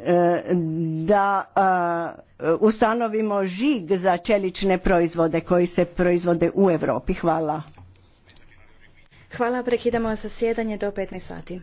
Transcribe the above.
E, da e, ustanovimo žig za čelične proizvode koji se proizvode u Europi. Hvala. Hvala, prekidamo zasjedanje do 15 sati.